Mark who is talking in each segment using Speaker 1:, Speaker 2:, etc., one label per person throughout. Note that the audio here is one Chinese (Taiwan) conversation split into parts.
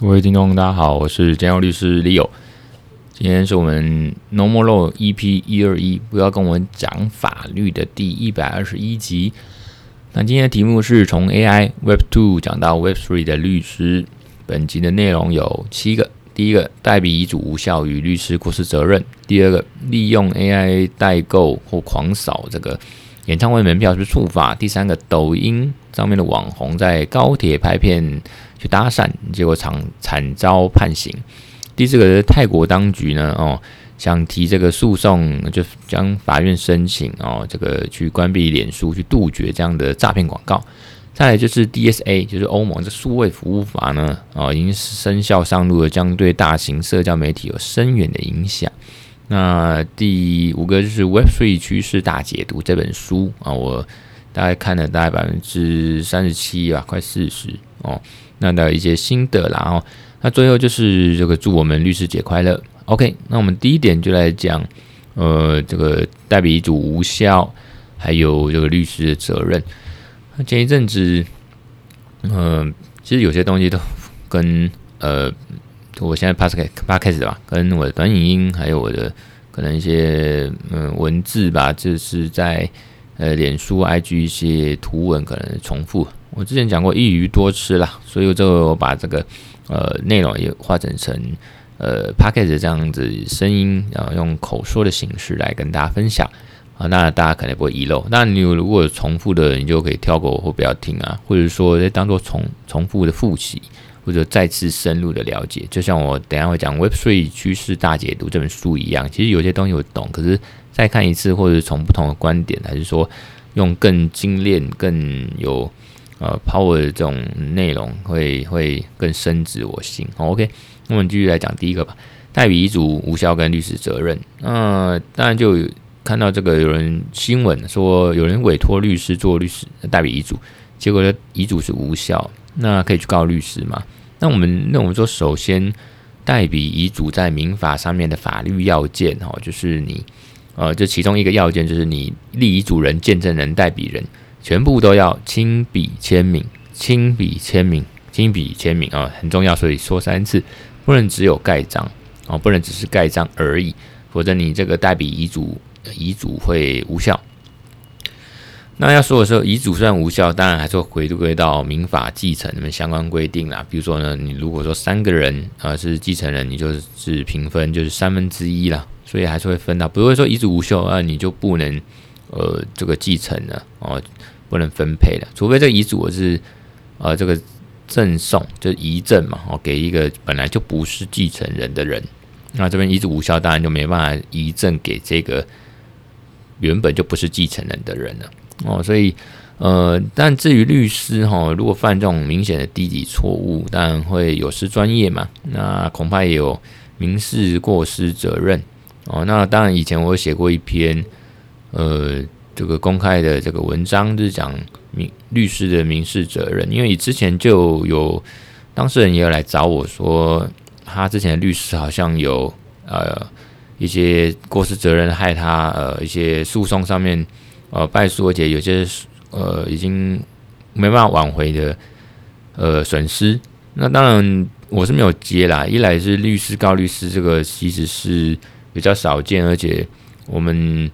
Speaker 1: 各位聽眾，大家好，我是江友律師 Leo。今天是我們 No More Law EP 一二一，不要跟我們講法律的第一百二十一集。那今天的題目是從 AI Web Two 講到 Web Three 的律師。本集的內容有七個：第一個，代筆遺囑無效與律師過失責任；第二個，利用 AI 代購或狂掃這個演唱會門票是不是觸法？第三個，抖音上面的網紅在高鐵拍片。去搭訕，結果慘慘遭判刑。第四個是泰國當局呢，哦，想提這個訴訟，就將法院申請，哦，這個去關閉臉書，去杜絕這樣的詐騙廣告。再來就是 DSA，就是歐盟的數位服務法呢，哦，已經生效上路了，將對大型社交媒體有深遠的影響。那第五個就是《Web3 趨勢大解讀》這本書啊，哦，我大概看了大概百分之三十七吧，快四十哦。那的一些心得啦，哦，那最後就是這個祝我們律師節快樂。OK，那我們第一點就來講，呃，這個代筆遺囑無效，還有這個律師的責任。前一陣子，嗯、呃，其實有些東西都跟呃，我現在 podcast podcast 吧，跟我的短影音還有我的可能一些嗯、呃、文字吧，就是在呃臉書 IG 一些圖文可能重複。我之前講過“一魚多吃”啦。所以我就把這個呃內容也化整成，成呃 package 這樣子聲音，然後用口說的形式來跟大家分享啊。那大家肯定不會遺漏。那你如果重複的，你就可以跳過或不要聽啊，或者說當做重重複的複習或者再次深入的了解。就像我等一下會講《Web Three 趨勢大解讀》這本書一樣，其實有些東西我懂，可是再看一次或者是從不同的觀點，還是說用更精煉、更有呃，Power 的這種內容會會更深植我心，好 OK。那我們繼續來講第一個吧，代筆遺囑無效跟律師責任。那、呃、當然就看到這個有人新聞說，有人委託律師做律師代筆遺囑，結果呢遺囑是無效，那可以去告律師嘛？那我們那我們說，首先代筆遺囑在民法上面的法律要件哦、呃，就是你呃，就其中一個要件就是你立遺囑人、見證人、代筆人。全部都要親筆簽名，親筆簽名，親筆簽名啊、哦，很重要，所以說三次，不能只有蓋章哦，不能只是蓋章而已，否則你這個代筆遺囑遺囑會無效。那要說的時候，遺囑雖然無效，當然還是會回歸到民法繼承相關規定啦。比如說呢，你如果說三個人啊、呃、是繼承人，你就是平分，就是三分之一啦，所以還是會分到。不會說遺囑無效啊、呃，你就不能。呃，這個繼承呢，哦，不能分配的，除非這個遺囑是啊、呃，這個贈送，就遺贈嘛，哦，給一個本來就不是繼承人的人，那這邊遺囑無效，當然就沒辦法遺贈給這個原本就不是繼承人的人了，哦，所以，呃，但至於律師哈、哦，如果犯這種明顯的低級錯誤，當然會有失專業嘛，那恐怕也有民事過失責任，哦，那當然以前我寫過一篇。呃，這個公開的這個文章就是講民律師的民事責任，因為你之前就有當事人也有來找我說，他之前的律師好像有呃一些過失責任害他呃一些訴訟上面呃敗訴，而且有些呃已經沒辦法挽回的呃損失。那當然我是沒有接啦，一來是律師告律師這個其實是比較少見，而且我們。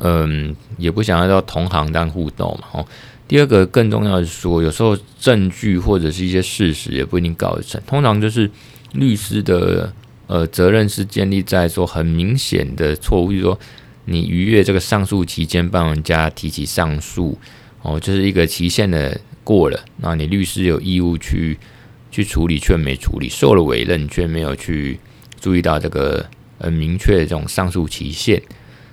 Speaker 1: 嗯，也不想要到同行當互動嘛，哦。第二個更重要的是說，有時候證據或者是一些事實也不一定搞得成。通常就是律師的呃責任是建立在說很明顯的錯誤，就是說你逾越這個上訴期間，幫人家提起上訴，哦，就是一個期限的過了，那你律師有義務去去處理，卻沒處理，受了委任卻沒有去注意到這個很明確的這種上訴期限。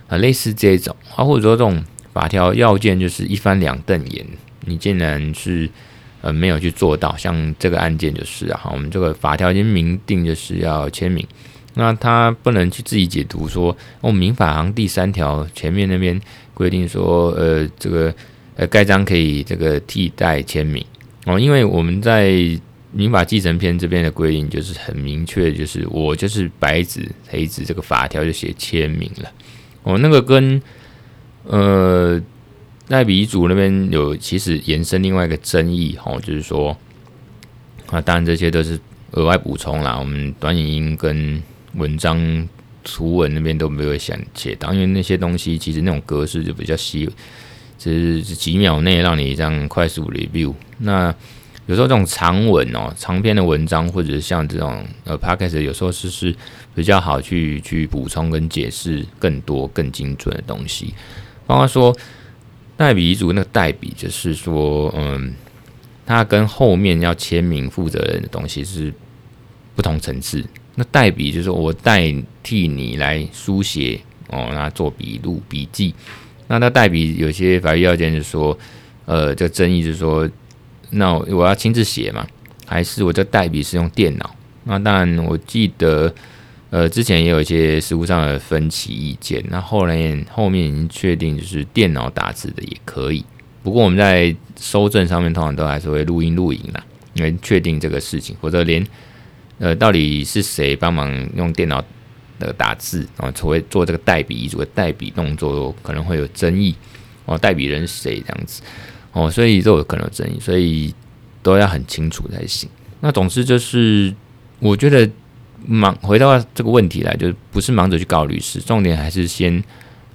Speaker 1: 啊，類似這種，啊，或者說這種法條要件就是一翻兩瞪眼，你竟然是呃沒有去做到，像這個案件就是啊，我們這個法條已經明定就是要簽名，那他不能去自己解讀說，我們民法行第三條前面那邊規定說，呃，這個呃蓋章可以這個替代簽名哦，因為我們在民法繼承編這邊的規定就是很明確，就是我就是白紙黑字這個法條就寫簽名了。哦，那個跟呃賴比祖那邊有其實延伸另外一個爭議哈、哦，就是說啊，當然這些都是額外補充啦，我們短影音跟文章圖文那邊都沒有想寫到，當然那些東西其實那種格式就比較細，就是幾秒內讓你這樣快速 review 那。有時候這種長文哦，長篇的文章，或者是像這種呃 Podcast 有時候是是比較好去去補充跟解釋更多更精準的東西。剛剛說代筆遺囑那個代筆，就是說，嗯，它跟後面要簽名負責人的東西是不同層次。那代筆就是說我代替你來書寫哦，那、嗯、做筆錄筆記。那那代筆有些法律要件就是說，呃，這個爭議就是說。那我要親自寫嘛，還是我這個代筆是用電腦？那當然，我記得，呃，之前也有一些實務上的分歧意見。那後來後面已經確定，就是電腦打字的也可以。不過我們在搜證上面，通常都還是會錄音錄影啦，因為確定這個事情，或者連呃，到底是誰幫忙用電腦的打字啊，除非做這個代筆，遺囑的代筆動作可能會有爭議哦、啊，代筆人是誰這樣子。哦，所以都有可能有爭議，所以都要很清楚才行。那總之就是，我覺得忙回到這個問題來，就是不是忙着去告律師，重點還是先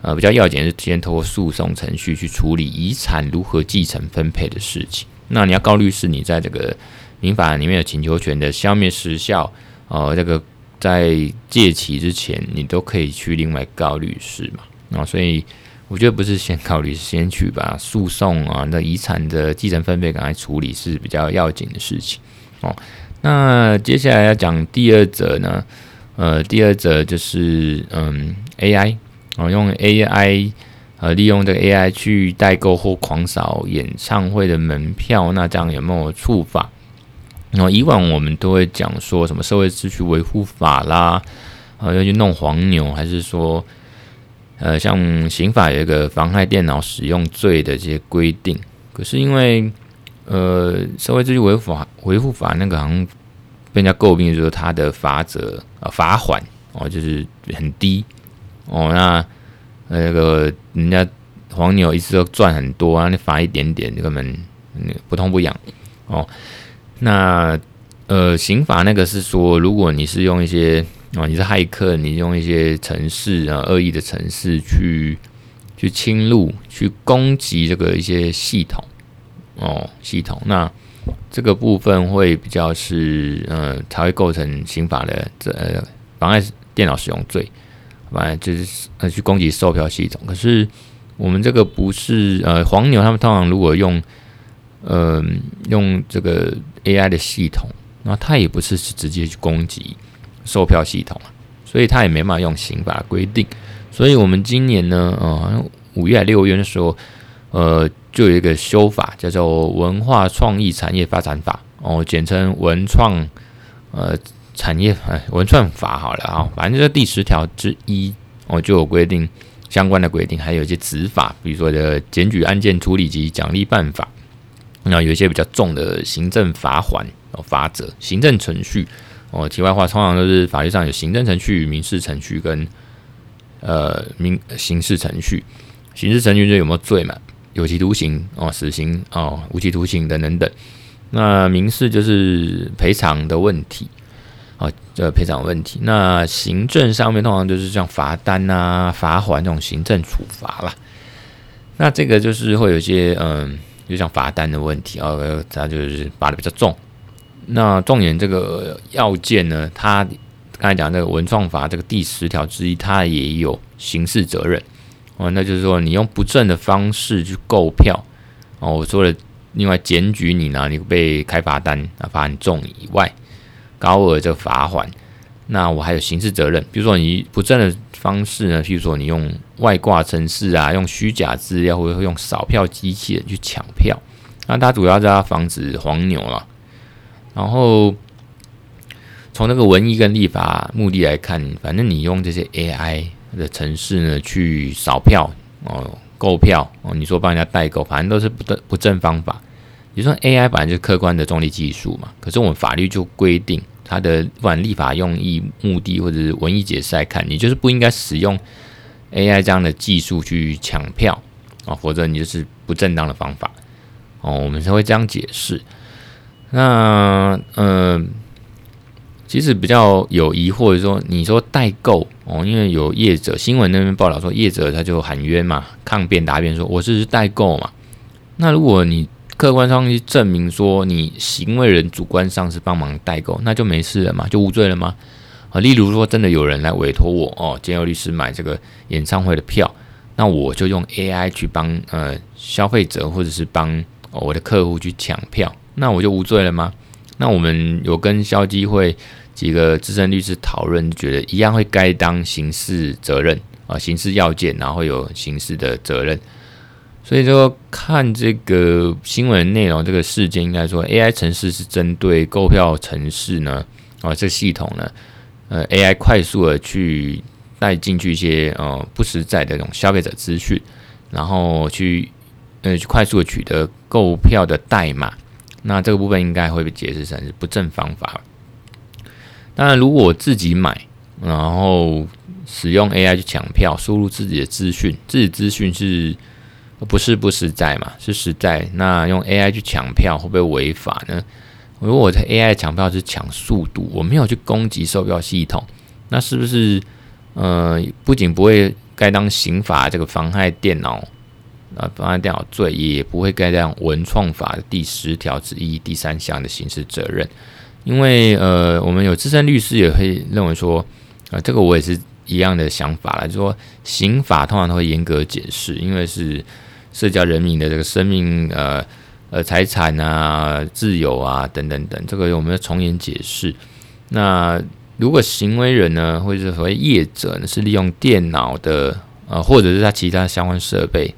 Speaker 1: 呃比較要緊，是先透過訴訟程序去處理遺產如何繼承分配的事情。那你要告律師，你在這個民法裡面有請求權的消滅時效，呃，這個在屆期之前，你都可以去另外告律師嘛。啊、哦，所以。我覺得不是先考慮，先去把訴訟啊、那個遺產的繼承分配趕快處理是比較要緊的事情哦。那接下來要講第二則呢，呃，第二則就是嗯，AI，哦，用 AI，呃，利用這個 AI 去代購或狂掃演唱會的門票，那這樣有沒有觸法？然後以往我們都會講說什麼社會秩序維護法啦，啊、呃，要去弄黃牛，還是說？呃，像刑法有一個妨害電腦使用罪的這些規定，可是因為呃，社會秩序維護法維護法那個好像被人家詬病，就是它的罰則、呃、罰鍰哦，就是很低哦，那那個、呃呃、人家黃牛一直都賺很多啊，你罰一點點根本不痛不癢哦，那呃刑法那個是說如果你是用一些。哦，你是駭客，你用一些程式啊，惡意的程式去去侵入、去攻擊這個一些系統哦，系統。那這個部分會比較是，嗯、呃，才會構成刑法的這妨礙電腦使用罪，反正就是呃去攻擊售票系統。可是我們這個不是呃黃牛，他們通常如果用呃用這個 AI 的系統，那、啊、他也不是直接去攻擊。售票系統所以他也沒辦法用刑法規定。所以我們今年呢，好像、呃、五月六月的時候，呃，就有一個修法，叫做《文化創意產業發展法》，哦，簡稱“文創”，呃，產業法、哎“文創法”好了啊、哦，反正就是第十條之一，哦，就有規定相關的規定，還有一些執法，比如說的檢舉案件處理及獎勵辦法，然後有一些比較重的行政罰款，哦罰則行政程序。哦，題外話，通常都是法律上有行政程序、民事程序跟呃民刑事程序。刑事程序就有沒有罪嘛，有期徒刑哦，死刑哦，無期徒刑等等等。那民事就是賠償的問題啊，這賠償問題。那行政上面通常就是像罰單吶、啊、罰款這種行政處罰啦。那這個就是會有些嗯，就像罰單的問題啊，他、哦、就是罰的比較重。那重點這個要件呢？它剛才講這個文創法這個第十條之一，它也有刑事責任哦。那就是說，你用不正的方式去購票哦，我說了，另外檢舉你呢，你被開罰單啊，罰很重以外，高額的罰款。那我還有刑事責任，比如說你不正的方式呢，譬如說你用外掛程式啊，用虛假資料，或者用掃票機器人去搶票，那它主要是要防止黃牛啊。然後從那個文義跟立法目的來看，反正你用這些 AI 的程式呢，去掃票哦，購票哦，你說幫人家代購，反正都是不不正方法。你說 AI 反正就是客觀的中立技術嘛，可是我們法律就規定它的，不管立法用意目的或者是文義解釋來看，你就是不應該使用 AI 這樣的技術去搶票啊、哦，否則你就是不正當的方法哦，我們才會這樣解釋。那嗯、呃，其實比較有疑惑的說，就說你說代購哦，因為有業者新聞那邊報道說業者他就喊冤嘛，抗辯答辯,辯說我是,是代購嘛。那如果你客觀上去證明說你行為人主觀上是幫忙代購，那就沒事了嘛，就無罪了嗎？啊，例如說真的有人來委托我哦，兼有律師買這個演唱會的票，那我就用 AI 去幫呃消費者或者是幫、哦、我的客戶去搶票。那我就無罪了嗎？那我們有跟消基會幾個資深律師討論，覺得一樣會該當刑事責任啊、呃，刑事要件，然後有刑事的責任。所以說，看這個新聞內容，這個事件應該說，AI 程式是針對購票程式呢啊、呃，這個、系統呢，呃，AI 快速的去帶進去一些呃不實在的這種消費者資訊，然後去呃去快速地取得購票的代碼。那這個部分應該會被解釋成是不正方法。當然，如果我自己買，然後使用 AI 去搶票，輸入自己的資訊，自己資訊是不是不實在嘛？是實在。那用 AI 去搶票會不會違法呢？如果我的 AI 的搶票是搶速度，我沒有去攻擊售票系統，那是不是呃，不僅不會該當刑法這個妨害電腦？啊，妨害電腦罪也不會該這樣。文創法的第十條之一第三項的刑事責任，因為呃，我們有資深律師也會認為說，啊、呃，這個我也是一樣的想法啦，就是、說刑法通常都會嚴格解釋，因為是涉及人民的這個生命、呃呃財產啊、自由啊等等等，這個我們要從嚴解釋。那如果行為人呢，或者是所謂業者呢，是利用電腦的，呃，或者是他其他相關設備。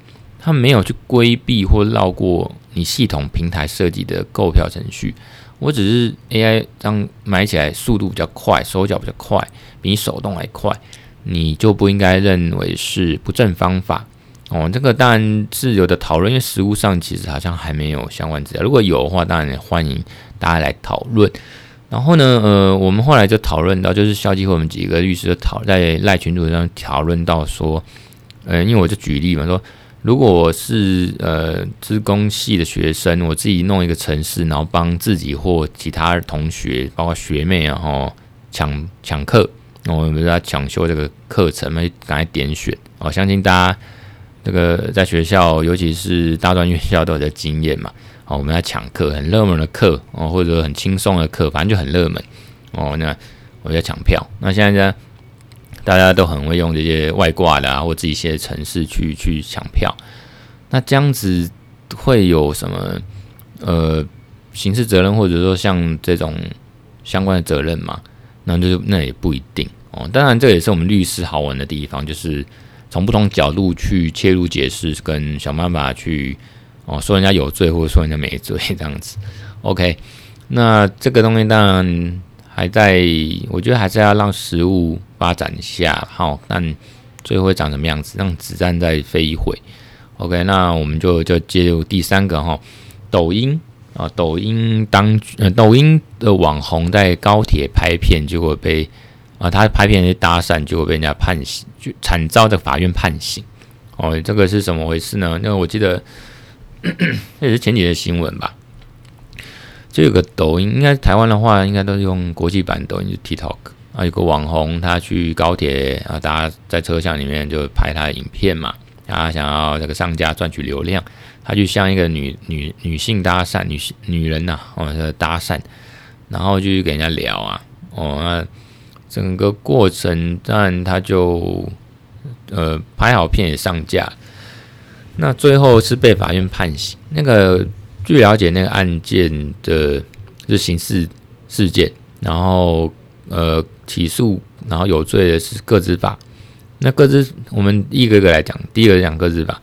Speaker 1: 他沒有去規避或繞過你系統平台設計的購票程序，我只是 AI 這樣買起來速度比較快，手腳比較快，比你手動還快，你就不應該認為是不正方法哦。這個當然是有得討論，因為實務上其實好像還沒有相關資料。如果有的話，當然也歡迎大家來討論。然後呢，呃，我們後來就討論到，就是肖記和我們幾個律師就討在賴群組上討論到說，呃，因為我就舉例嘛，說。如果我是呃資工系的學生，我自己弄一個程式，然後幫自己或其他同學，包括學妹啊，吼搶搶課，那、哦、我們就在搶修這個課程，就趕快點選。哦，相信大家這個在學校，尤其是大專院校都有這經驗嘛。哦，我們在搶課，很熱門的課哦，或者很輕鬆的課，反正就很熱門。哦，那我在搶票。那現在呢？大家都很會用這些外掛的，啊，或者是一些程式去去搶票，那這樣子會有什麼呃刑事責任，或者說像這種相關的責任嗎？那就是、那也不一定哦。當然，這也是我們律師好玩的地方，就是從不同角度去切入解釋，跟想辦法去哦說人家有罪，或者說人家沒罪這樣子。OK，那這個東西當然還在，我覺得還是要讓實務。發展一下好，但最後會長什麼樣子？讓子彈再飛一會。OK，那我們就就進入第三個哈，抖音啊，抖音當、呃、抖音的網紅在高鐵拍片就會，結果被啊，他拍片搭訕，結果被人家判刑，就慘遭的法院判刑。哦，這個是怎麼回事呢？那我記得那 也是前幾天新聞吧？就有個抖音，應該台灣的話應該都是用國際版抖音，就 TikTok。啊，有個網紅，他去高鐵啊，大家在車廂裡面就拍他的影片嘛。他想要這個上架賺取流量，他就向一個女女女性搭訕，女性女人呐、啊，哦，搭訕，然後就去跟人家聊啊，哦，那整個過程，但他就呃拍好片也上架，那最後是被法院判刑。那個據了解，那個案件的是刑事事件，然後。呃，起訴然後有罪的是個資法。那個資我們一個一個來講，第一個講個資法。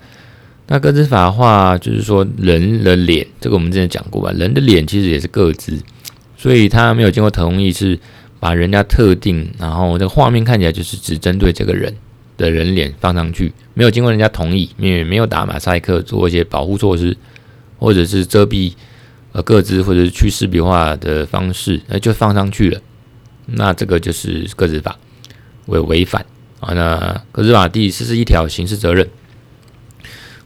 Speaker 1: 那個資法的話，就是說人的臉，這個我們之前講過吧？人的臉其實也是個資，所以他沒有經過同意，是把人家特定，然後這個畫面看起來就是只針對這個人的人臉放上去，沒有經過人家同意，也沒、沒有打馬賽克做一些保護措施，或者是遮蔽呃個資，或者是去識別化的方式，那、呃、就放上去了。那這個就是《個資法》違違反啊？那個《個資法》第四十一條刑事責任，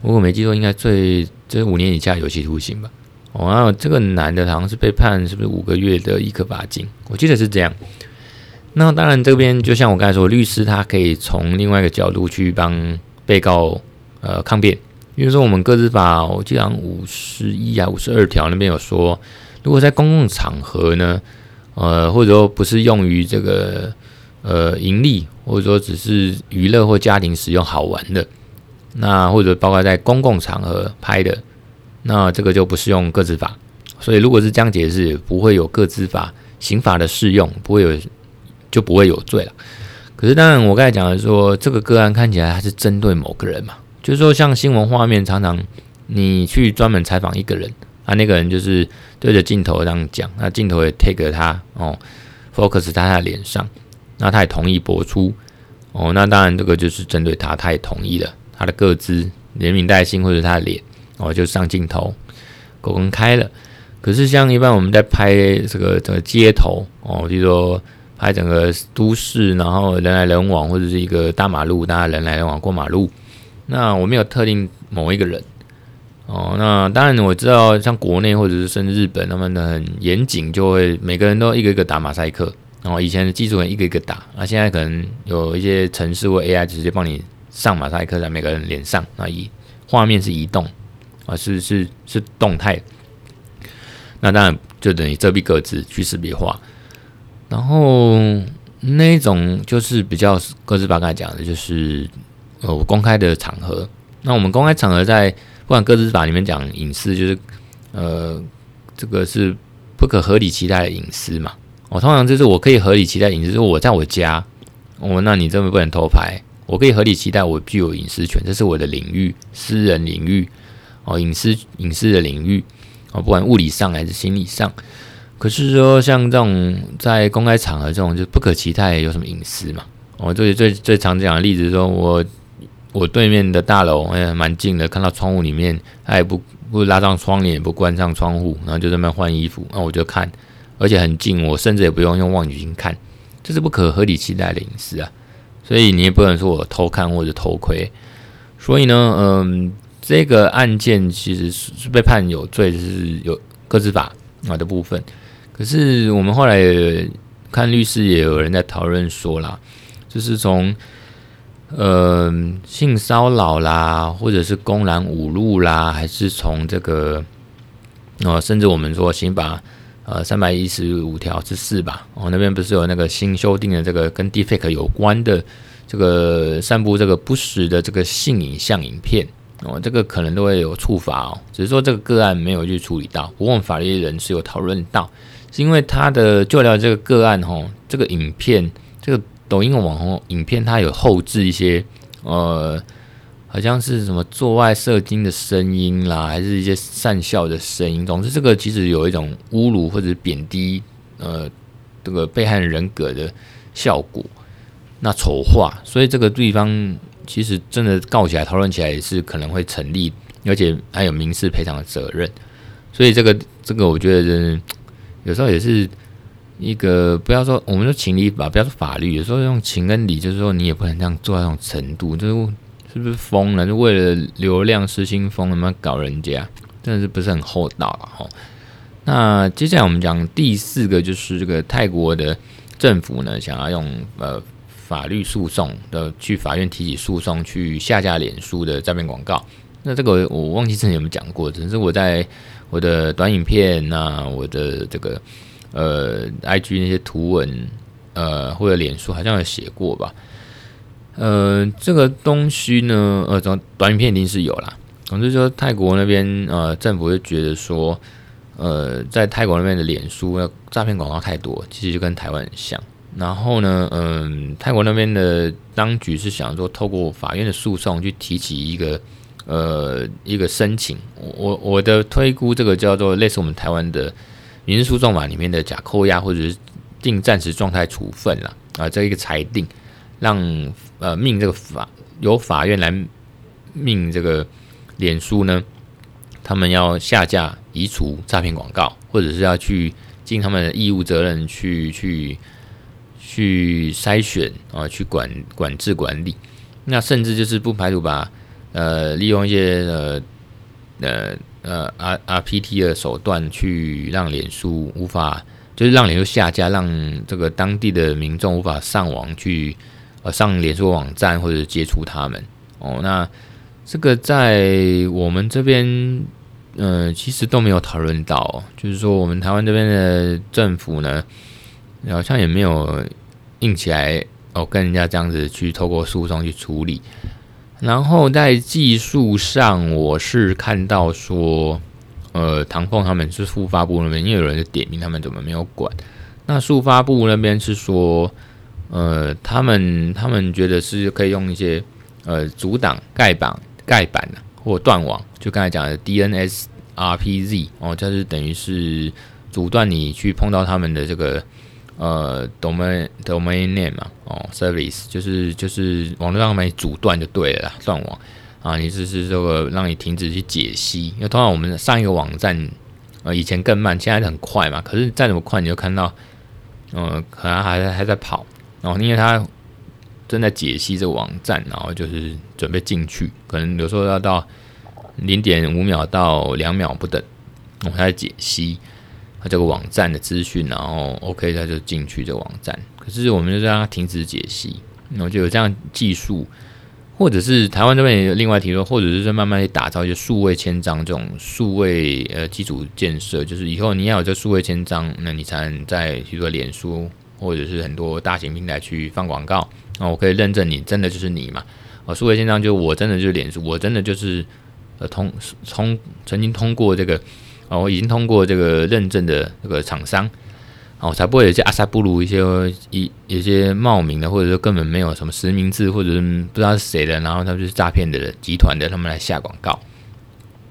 Speaker 1: 如果沒記錯，應該最這五年以下有期徒刑吧？哦，那這個男的好像是被判是不是五個月的一科罰金？我記得是這樣。那當然，這邊就像我剛才說，律師他可以從另外一個角度去幫被告呃抗辯，比如說我們《個資法》我記成五十一啊五十二條那邊有說，如果在公共場合呢？呃，或者說不是用於這個呃盈利，或者說只是娛樂或家庭使用好玩的，那或者包括在公共場合拍的，那這個就不適用個資法。所以如果是這樣解釋，不會有個資法刑法的適用，不會有就不會有罪了。可是當然，我剛才講的說這個個案看起來還是針對某個人嘛，就是說像新聞畫面常常你去專門採訪一個人。啊，那個人就是對着鏡頭這樣講，那鏡頭也貼給他哦，focus 他在他臉上，那他也同意播出哦。那當然，這個就是針對他，他也同意了。他的個資、連名帶姓或者他的臉哦，就上鏡頭，夠公開了。可是像一般我們在拍這個整個街頭哦，比如說拍整個都市，然後人來人往，或者是一個大馬路，大家人來人往過馬路，那我沒有特定某一個人。哦，那當然我知道，像國內或者是甚至日本那麼的很嚴謹，就會每個人都一個一個打馬賽克。然後以前的技術人一個一個打，那、啊、現在可能有一些程式、或 AI 直接幫你上馬賽克在每個人臉上。那一畫面是移動啊，是是是動態。那當然就等於遮蔽個資去識別化。然後那種就是比較個資剛剛講的，就是呃，我公開的場合，那我們公開場合在，不管《個資法》裡面講隱私，就是呃，這個是不可合理期待的隱私嘛。我、哦、通常就是我可以合理期待隱私，就是我在我家，我、哦、那你這邊不能偷拍。我可以合理期待我具有隱私權，這是我的領域，私人領域哦，隱私隱私的領域哦，不管物理上還是心理上。可是說像這種在公開場合這種，就不可期待有什麼隱私嘛。我最最最常講的例子，說我，我對面的大樓，哎、欸、蠻近的，看到窗戶裡面，他也不不拉上窗簾，也不關上窗戶，然後就在那換衣服，那我就看，而且很近，我甚至也不用用望遠鏡看，這是不可合理期待的隱私啊，所以你也不能說我偷看或者偷窺，所以呢，嗯，這個案件其實是被判有罪，就是有個資法啊的部分，可是我們後來看律師也有人在討論說啦，就是從。呃，性騷擾啦，或者是公然侮辱啦，還是從這個哦、呃，甚至我們說刑法呃三百一十五條之四吧，哦那邊不是有那個新修訂的這個跟 deepfake 有關的這個散佈這個不實的這個性影像影片哦，這個可能都會有處罰哦，只是說這個個案沒有去處理到，不過法律人是有討論到，是因為他的就聊這個個案哦，這個影片這個。抖音網紅影片，它有後製一些，呃，好像是什麼做愛射精的聲音啦，還是一些訕笑的聲音，總之這個其實有一種侮辱或者貶低，呃，這個被害人人格的效果，那醜化，所以這個地方其實真的告起來、討論起來也是可能會成立，而且還有民事賠償的責任，所以這個這個我覺得有時候也是。一個不要說，我們就情理吧，不要說法律。有時候用情跟理，就是說你也不能這樣做到那種程度，就是是不是瘋了？就為了流量失心瘋，了嗎？搞人家，真的是不是很厚道了、啊、哈。那接下來我們講第四個，就是這個泰國的政府呢，想要用呃法律訴訟的去法院提起訴訟，去下架臉書的詐騙廣告。那這個我，我忘記之前有沒有講過，只是我在我的短影片啊，我的這個。呃，IG 那些圖文，呃，或者臉書好像有寫過吧。嗯、呃，這個東西呢，呃，短短片，一定是有啦。總之說，泰國那邊呃，政府會覺得說，呃，在泰國那邊的臉書詐騙廣告太多，其實就跟台灣很像。然後呢，嗯、呃，泰國那邊的當局是想說，透過法院的訴訟去提起一個呃一個申請。我我的推估，這個叫做類似我們台灣的。民事訴訟法裡面的假扣押或者是定暫時狀態處分了啊，呃，這一個裁定，讓呃命這個法由法院來命這個臉書呢，他們要下架、移除詐騙廣告，或者是要去盡他們的義務責任去去去篩選啊，呃，去管管制管理，那甚至就是不排除把呃利用一些呃呃。呃呃，R RPT 的手段去讓臉書無法，就是讓臉書下架，讓這個當地的民眾無法上網去，呃，上臉書網站或者接觸他們。哦，那這個在我們這邊，呃，其實都沒有討論到，就是說我們台灣這邊的政府呢，好像也沒有硬起來，哦，跟人家這樣子去透過訴訟去處理。然後在技術上，我是看到說，呃，唐鳳他們是數發部那邊，因為有人是點名他們怎麼沒有管。那數發部那邊是說，呃，他們他們覺得是可以用一些呃阻擋、蓋板、蓋板的，啊、或斷網，就剛才講的 DNS、RPZ 哦，就是等於是阻斷你去碰到他們的這個。呃，domain，domain name 嘛，哦，service 就是就是網絡上面阻斷就對了啦，斷網啊，意思是這個讓你停止去解析，因為通常我們上一個網站，呃，以前更慢，現在很快嘛，可是再怎麼快，你就看到，嗯、呃，可能還還在跑，然後，哦，因為它正在解析這個網站，然後就是準備進去，可能有時候要到零點五秒到兩秒不等，哦，它在解析。這個網站的資訊，然後 OK，他就進去這個、網站。可是我們就讓他停止解析，那我就有這樣技術，或者是台灣這邊也有另外提出，或者是說慢慢去打造一些數位簽章這種數位呃基礎建設。就是以後你要有這數位簽章，那你才能在比如說臉書或者是很多大型平台去放廣告。那我可以認證你真的就是你嘛？啊、哦，數位簽章就我真的就是臉書，我真的就是呃通通曾經通過這個。哦，我已經通過這個認證的這個廠商，哦，才不會有些阿薩布魯一些一有，有些冒名的，或者說根本沒有什麼實名制，或者是不知道是誰的，然後他們就是詐騙的集團的，他們來下廣告。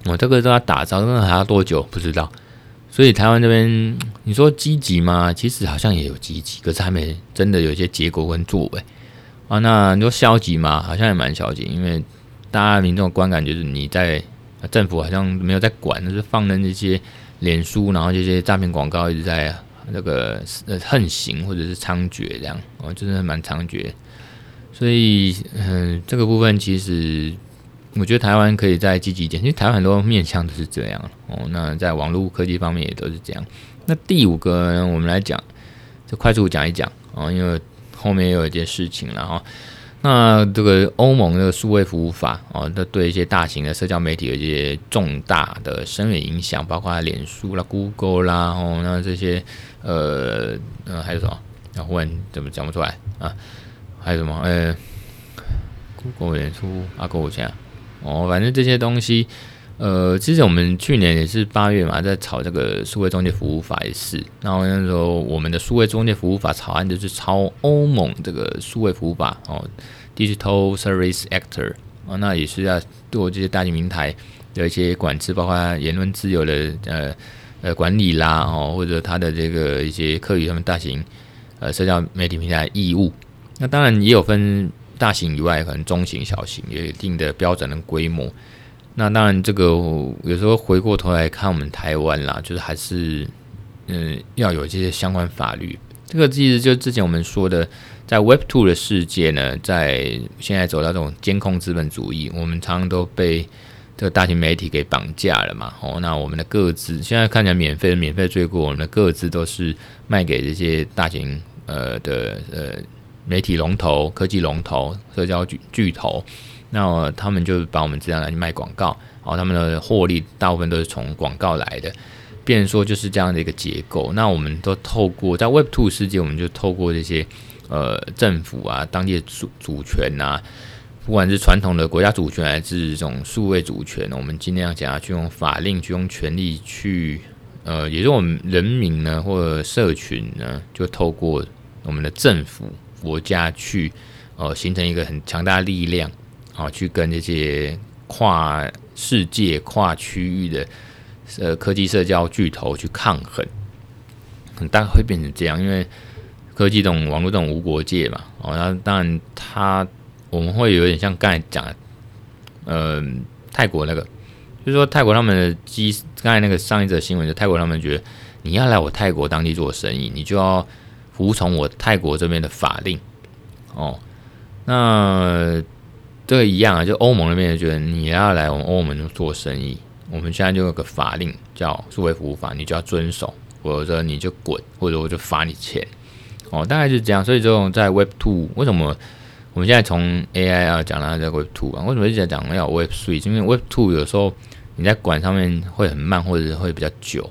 Speaker 1: 我、哦、這個都要打招，那還要多久？不知道。所以台灣這邊，你說積極嗎？其實好像也有積極，可是還沒真的有一些結果跟作為啊。那你說消極嗎？好像也蠻消極，因為大家民眾的觀感就是你在。政府好像沒有在管，就是放任這些臉書，然後這些詐騙廣告一直在那、這個呃橫行或者是猖獗，這樣哦，真的蠻猖獗。所以嗯、呃，這個部分其實我覺得台灣可以再積極一點。因為台灣很多面向都是這樣哦，那在網絡科技方面也都是這樣。那第五個我們來講，就快速講一講哦，因為後面也有一件事情然後。哦那這個歐盟的數位服務法哦，那對一些大型的社交媒體有一些重大的深遠影響，包括臉書啦、Google 啦，哦，那這些呃，嗯、呃，還有什麼？啊，忽然怎麼講不出來啊？還有什麼？誒、欸、Google 臉書、啊，Google、啊、哦，反正這些東西。呃，其實我們去年也是八月嘛，在炒這個數位中介服務法一事。然後那時候，我們的數位中介服務法草案就是抄歐盟這個數位服務法哦，Digital Service Actor 啊、哦，那也是要對我這些大型平台的一些管制，包括言論自由的呃呃管理啦哦，或者他的這個一些課予他們大型呃社交媒體平台義務。那當然也有分大型以外，可能中型、小型，也有一定的標準跟規模。那當然，這個有時候回過頭來看，我們台灣啦，就是還是嗯要有這些相關法律。這個其實就是之前我們說的，在 Web Two 的世界呢，在現在走到這種監控資本主義，我們常常都被這個大型媒體給綁架了嘛。哦，那我們的個資現在看起來免費，免的免費罪過我們的個資，都是賣給這些大型呃的呃媒體龍頭、科技龍頭、社交巨巨頭。那他們就把我們這樣來賣廣告，然後他們的獲利大部分都是從廣告來的。變說就是這樣的一個結構。那我們都透過在 Web Two 世界，我們就透過這些呃政府啊、當地的主主權啊，不管是傳統的國家主權還是這種數位主權，我們盡量想要去用法令去用權力去呃，也就是我們人民呢或者社群呢，就透過我們的政府國家去呃形成一個很強大的力量。啊，去跟這些跨世界、跨區域的呃科技社交巨頭去抗衡，很大概會變成這樣，因為科技這種網絡這種無國界嘛。哦，那當然，他我們會有點像剛才講的，呃，泰國那個，就是說泰國他們的機，剛才那個上一則新聞，就泰國他們覺得你要來我泰國當地做生意，你就要服從我泰國這邊的法令。哦，那。這個一樣啊，就歐盟那邊就覺得你要來我們歐盟做生意，我們現在就有個法令叫數位服務法，你就要遵守，或者說你就滾，或者我就罰你錢，哦，大概是這樣。所以這種在 Web Two 為什麼我們現在從 AI 要講到在 Web Two 啊？為什麼一直在講要 Web Three？因為 Web Two 有時候你在管上面會很慢，或者是會比較久。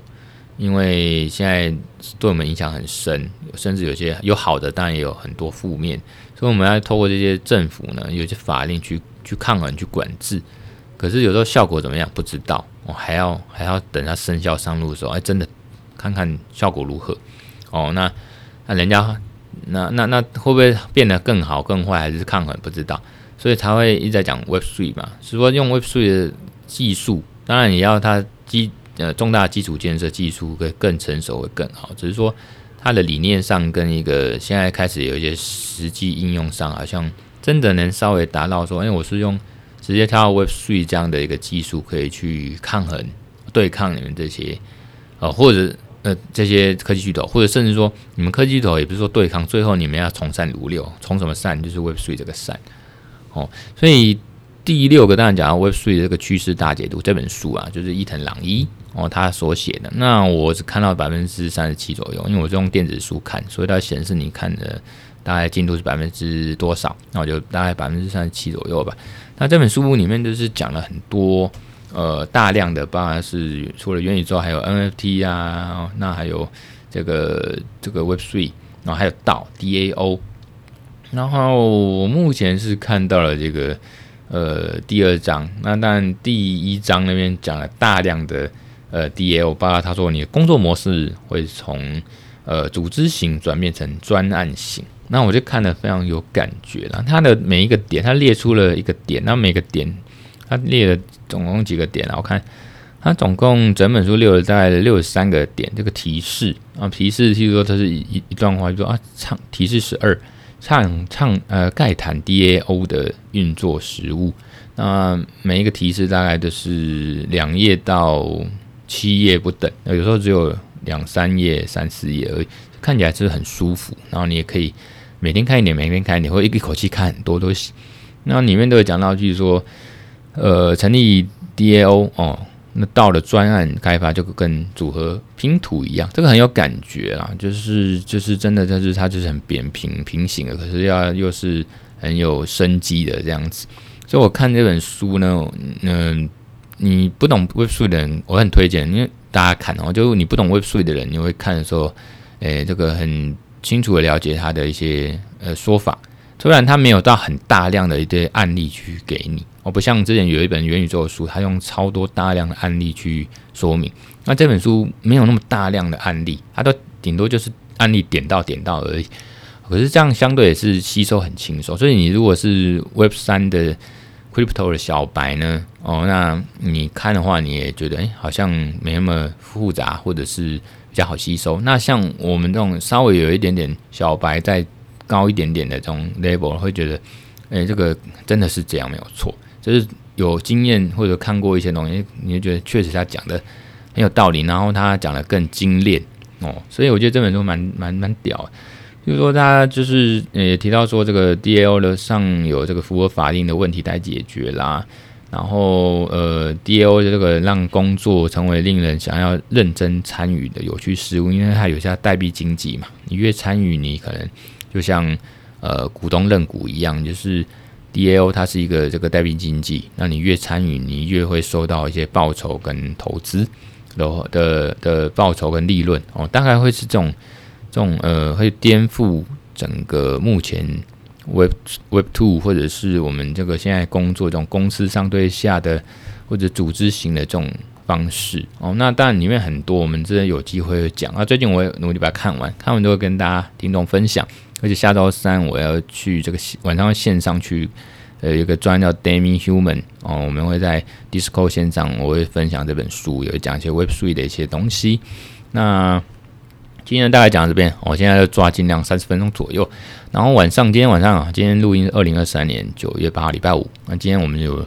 Speaker 1: 因為現在對我們影響很深，甚至有些有好的，當然也有很多負面，所以我們要透過這些政府呢，有些法令去去抗衡、去管制。可是有時候效果怎麼樣不知道，我、哦、還要還要等它生效上路的時候，哎，真的看看效果如何。哦，那那人家那那那會不會變得更好、更壞，還是抗衡？不知道，所以才會一直在講 Web Three 嘛，是說用 Web Three 的技術，當然也要它基。呃，重大基礎建設技術會更成熟，會更好。只是說，它的理念上跟一個現在開始有一些實際應用上，好像真的能稍微達到說，哎，欸，我是用直接跳到 Web Three 這樣的一個技術，可以去抗衡、對抗你們這些啊、呃，或者呃，這些科技巨頭，或者甚至說，你們科技巨頭也不是說對抗，最後你們要從善如流，從什麼善，就是 Web Three 這個善哦。所以第六個，當然講到 Web Three 這個趨勢大解讀這本書啊，就是伊藤穰一。哦，他所寫的，那我只看到百分之三十七左右，因為我是用電子書看，所以它顯示你看的大概進度是百分之多少，那我就大概百分之三十七左右吧。那這本書裡面就是講了很多，呃，大量的，當然是除了元宇宙，還有 NFT 啊，那還有這個這個 Web3，然後還有 DAL, DAO。然後我目前是看到了這個呃第二章，那但第一章那邊講了大量的。呃，D A O 他說你的工作模式會從呃組織型轉變成專案型，那我就看得非常有感覺了，他的每一個點，他列出了一個點，那每個點他列了總共幾個點啊？我看他總共整本書列了大概六十三個點。這個提示啊，提示譬如說，它是一一段話，就說啊，唱提示十二，唱唱呃，蓋坦 D A O 的運作實務。那每一個提示大概都是兩頁到。七頁不等，有時候只有兩三頁、三四頁而已，看起來是很舒服。然後你也可以每天看一點，每天看一點，會一口氣看很多東西。那裡面都有講到，就是說，呃，成立 DAO 哦，那到了專案開發就跟組合拼圖一樣，這個很有感覺啦，就是就是真的，就是它就是很扁平平行的，可是要又是很有生機的這樣子。所以我看這本書呢，嗯、呃。你不懂 Web 3的人，我很推薦，因為大家看哦，就你不懂 Web 3的人，你會看的時候，誒，這個很清楚的了解他的一些呃，說法，雖然他沒有到很大量的一些案例去給你，我、哦、不像之前有一本元宇宙的書，他用超多大量的案例去說明，那這本書沒有那麼大量的案例，它都頂多就是案例點到點到而已，可是這樣相對也是吸收很輕鬆，所以你如果是 Web 三的。Crypto 的小白呢？哦，那你看的話，你也覺得誒、欸，好像沒那麼複雜，或者是比較好吸收。那像我們這種稍微有一點點小白，再高一點點的這種 level 會覺得，誒、欸，這個真的是這樣沒有錯。就是有經驗或者看過一些東西，你就覺得確實他講得很有道理，然後他講得更精煉哦。所以我覺得這本書蠻蠻蠻屌的。就是說，他就是也提到說，這個 DAO 的上有這個符合法令的問題待解決啦。然後，呃，DAO 的這個讓工作成為令人想要認真參與的有趣事物，因為它有些代幣經濟嘛。你越參與，你可能就像呃股東認股一樣，就是 DAO 它是一個這個代幣經濟。那你越參與，你越會收到一些報酬跟投資的的的報酬跟利潤哦，大概會是這種。這種呃，會顛覆整個目前 web web two 或者是我們這個現在工作的這種公司上對下的或者組織型的這種方式哦。那當然裡面很多，我們真的有機會會講啊。最近我也努力把它看完，看完之後跟大家聽眾分享。而且下周三我要去這個晚上線上去呃一個專叫 Dami Human 哦，我們會在 Discord 線上，我會分享這本書，也會講一些 web three 的一些東西。那今天大概講到這邊，我現在就抓盡量三十分鐘左右。然後晚上，今天晚上啊，今天錄音是二零二三年九月八號，禮拜五。那今天我們有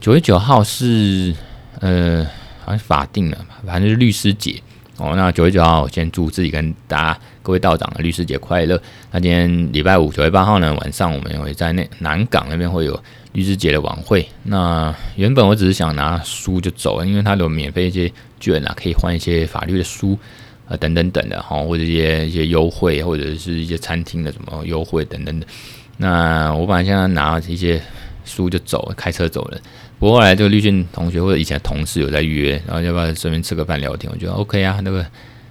Speaker 1: 九月九號是呃，好像法定的，反正是律師節哦。那九月九號我先祝自己跟大家各位道長的律師節快樂。那今天禮拜五九月八號呢晚上，我們會在那南港那邊會有律師節的晚會。那原本我只是想拿書就走了，因為它有免費一些券啊，可以換一些法律的書。啊，等等等的哈，或者一些一些優惠，或者是一些餐廳的什麼優惠等等的。那我本來現在拿一些書就走了，開車走了。不過後來這個律訓同學或者以前的同事有在約，然後要不要順便吃個飯聊天？我覺得 OK 啊，那個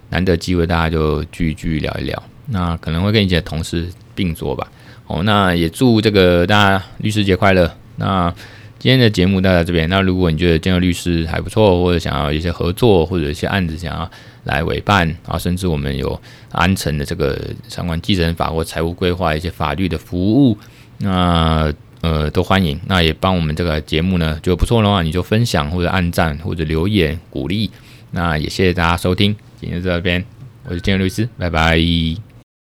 Speaker 1: 難得機會大家就聚一聚聊一聊。那可能會跟以前的同事併桌吧。哦，那也祝這個大家律師節快樂。那今天的節目到這邊。那如果你覺得這個律師還不錯，或者想要一些合作，或者一些案子想要來委辦，甚至我們有安誠的這個相關繼承法或財務規劃一些法律的服務，那呃都歡迎。那也幫我們這個節目呢覺得不錯的話，你就分享或者按讚或者留言鼓勵。那也謝謝大家收聽，今天這邊我是金永律師，拜拜。